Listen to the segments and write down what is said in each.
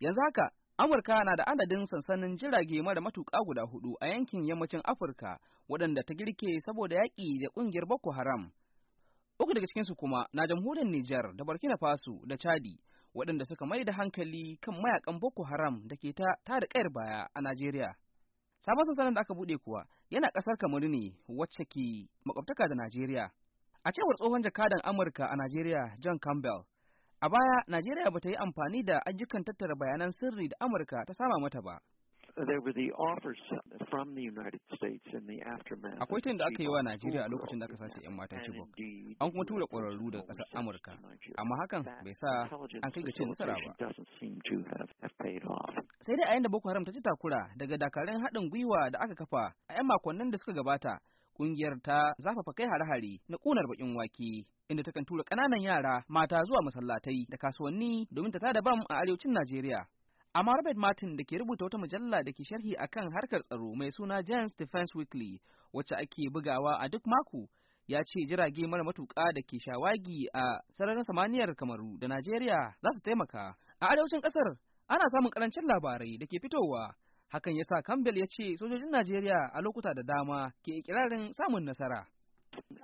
Yanzu haka, Amurka na da adadin sansanin jirage mara matuƙa guda hudu a yankin yammacin Afirka waɗanda ta girke saboda yaƙi da ƙungiyar Boko Haram. Uku daga cikinsu kuma na jamhuriyar Nijar da Burkina Faso da Chadi waɗanda suka mai da hankali kan mayakan Boko Haram da ke ta tada ƙayar baya a Najeriya. Sabon sansanin da aka buɗe kuwa yana ƙasar Kamaru ne wacce ke makwabtaka da Najeriya. A cewar tsohon jakadan Amurka a Najeriya John Campbell, A baya, Najeriya ba ta yi amfani da ayyukan tattara bayanan sirri da Amurka ta sama mata ba. Akwai tun da aka yi wa Najeriya a lokacin da aka sace 'yan matan Chibok. An kuma tura ƙwararru daga ƙasar Amurka. Amma hakan bai sa an kai ga cin nasara ba. Sai dai a yanda Boko Haram ta ci takura daga dakarun haɗin gwiwa da aka kafa a 'yan makonnin da suka gabata Ƙungiyar ta zafafa kai hare-hare na ƙunar bakin wake. inda takan tura ƙananan yara mata zuwa masallatai da kasuwanni domin ta tada bam a arewacin Najeriya. Amma Robert Martin da ke rubuta wata mujalla da ke sharhi akan harkar tsaro mai suna Jens Defense Weekly wacce ake bugawa a duk mako ya ce jirage mara matuƙa da ke shawagi a sararin samaniyar Kamaru da Najeriya za su taimaka. A arewacin ƙasar ana samun ƙarancin labarai da ke fitowa Hakan yasa Campbell ya ce sojojin Najeriya a lokuta da dama ke ikirarin samun nasara.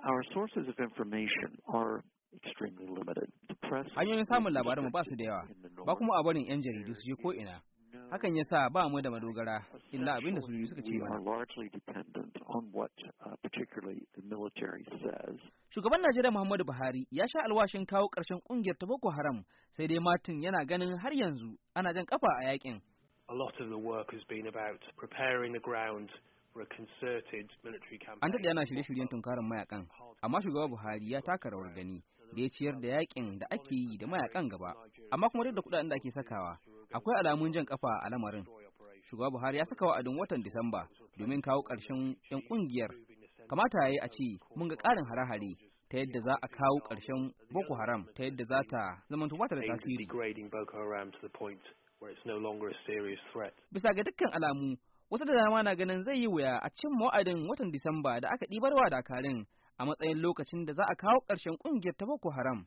Our sources of information are extremely limited. Hanyoyin samun labarin ba su da yawa, ba kuma a barin 'yan jaridu su je ina Hakan ya sa ba mu da madogara, illa abinda da yi suka ce mana. Uh, Shugaban Najeriya Muhammadu Buhari ya sha alwashin kawo ƙarshen ƙungiyar ta Boko Haram, sai dai Martin yana ganin har yanzu ana jan kafa a yakin. a lot of the work has been about preparing the ground for a concerted military campaign. An daɗe ana shirye-shiryen tunkarar mayakan, amma shugaba Buhari ya taka rawar gani da ya ciyar da yakin da ake yi da mayakan gaba, amma kuma duk da kuɗaɗen da ake sakawa, akwai alamun jan kafa a lamarin. Shugaba Buhari ya saka wa'adin watan Disamba domin kawo ƙarshen 'yan ƙungiyar. Kamata ya yi a ce mun ga ƙarin hare-hare ta yadda za a kawo ƙarshen Boko Haram ta yadda za ta zamantu ba da tasiri. where no longer a serious Bisa ga dukkan alamu, wasu da dama na ganin zai yi wuya a cin ma'adin watan Disamba da aka ɗibarwa dakarin a matsayin lokacin da za a kawo ƙarshen ƙungiyar ta Boko Haram.